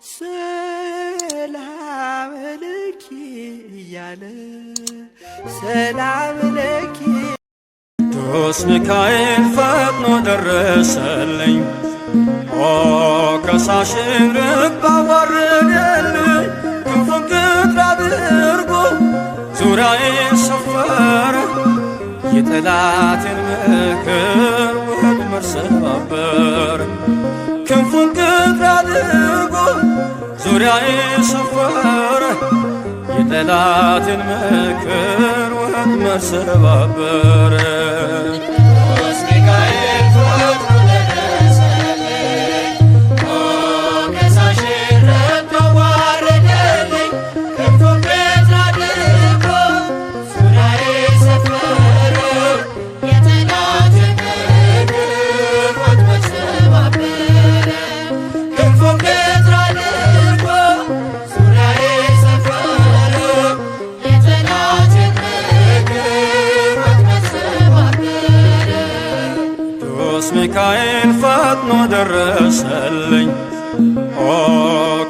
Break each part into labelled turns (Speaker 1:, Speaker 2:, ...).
Speaker 1: ሰላም ለኪ እያለ ሰላም ለኪ
Speaker 2: ቅዱስ ሚካኤል ፈጥኖ ደረሰልኝ ኦ ከሳሽን ርባ ባረደልኝ ክፉን ቅጥር አድርጎ ዙሪያዬን ሰፈረ የጠላትን ምክር ወድ መርሰባበር ክንፉን ቅጥር አድርጎ ዙሪያዬ ሰፈረ የጠላትን መከር ወጥመድ ሰባበረ። ሚካኤል ፈጥኖ ደረሰልኝ። ኦ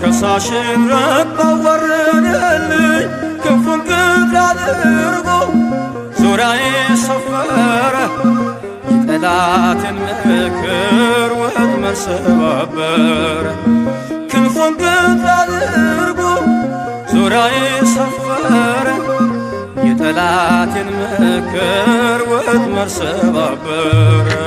Speaker 2: ከሳሽን ረግጦ ወረደልኝ። ክንፉን ግፍ አድርጎ ዙሪያዬ ሰፈረ። የጠላትን ምክር ወጥመድ ሰባበረ። ክንፉን ግፍ አድርጎ ዙሪያዬ ሰፈረ። የጠላትን ምክር ወጥመድ ሰባበረ።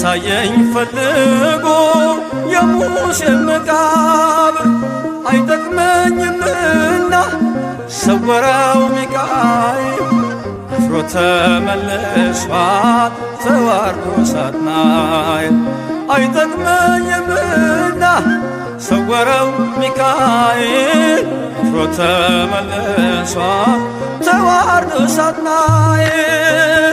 Speaker 2: ሊያሳየኝ ፈልጎ የሙሴ መቃብር አይጠቅመኝምና ሰወረው ሚካኤል አፍሮ ተመልሷል ተዋርዶ ሳጥናኤል አይጠቅመኝምና ሰወረው ሚካኤል አፍሮ ተመልሷል ተዋርዶ ሳጥናኤል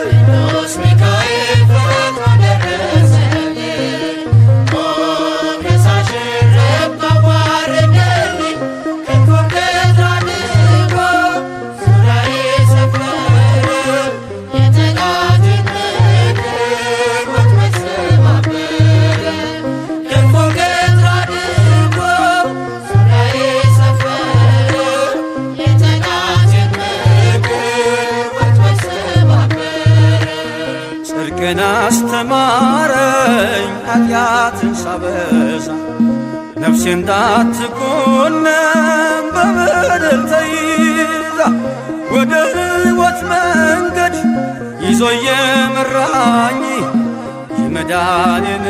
Speaker 2: ሕግን አስተማረኝ ኃጢአትን ሳበዛ ነፍሴ እንዳትኮነን በበደል ተይዛ ወደ ሕይወት መንገድ ይዞ የመራኝ የመዳኔን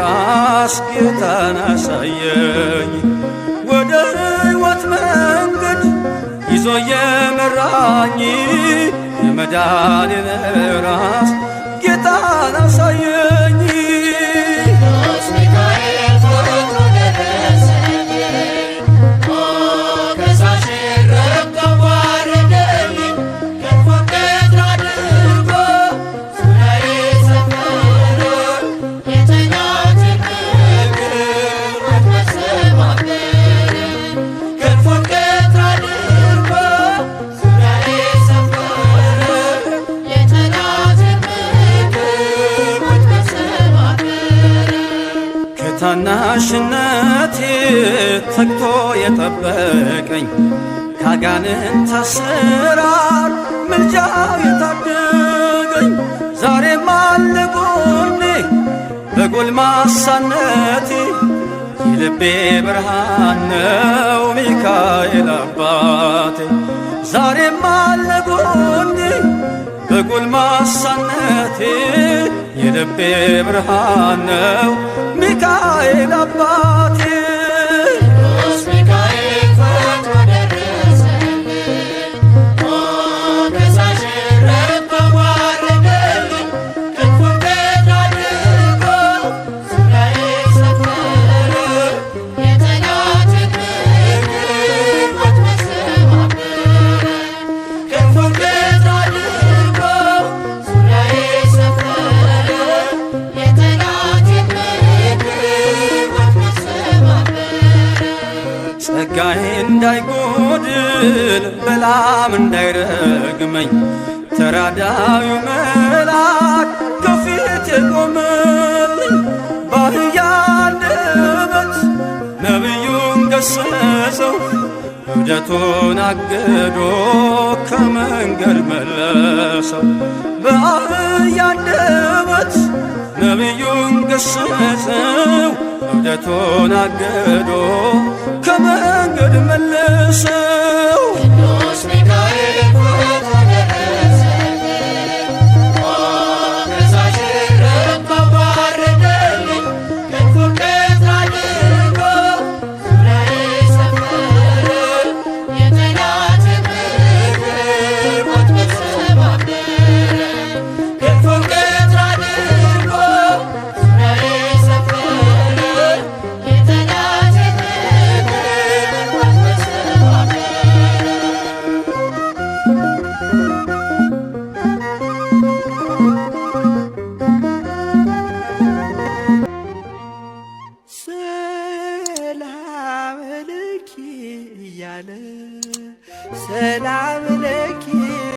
Speaker 2: ራስ ጌታን አሳየኝ ወደ ሕይወት መንገድ ይዞ የመራኝ የመዳኔን ራስ ben asayım ታናሽነቴ ተግቶ የጠበቀኝ ካጋንን ተስራር ምልጃ የታደገኝ ዛሬ ማልጎኔ ጎኔ በጎልማሳነቴ የልቤ ብርሃን ነው ሚካኤል አባቴ ዛሬ ማልጎኔ በጎልማሳነት በጎልማሳነቴ የልቤ ብርሃን ነው ሚካ pa ጸጋዬ እንዳይጎድል በላም እንዳይረግመኝ ተራዳዩ መልአክ ከፊት የቆመልኝ ባህያ አንደበት ነቢዩን ገሰጸው እብደቱን አግዶ ከመንገድ መለሰው። በአህያ አንደበት ነቢዩን ገሰጸው እብደቱን አግዶ ከመ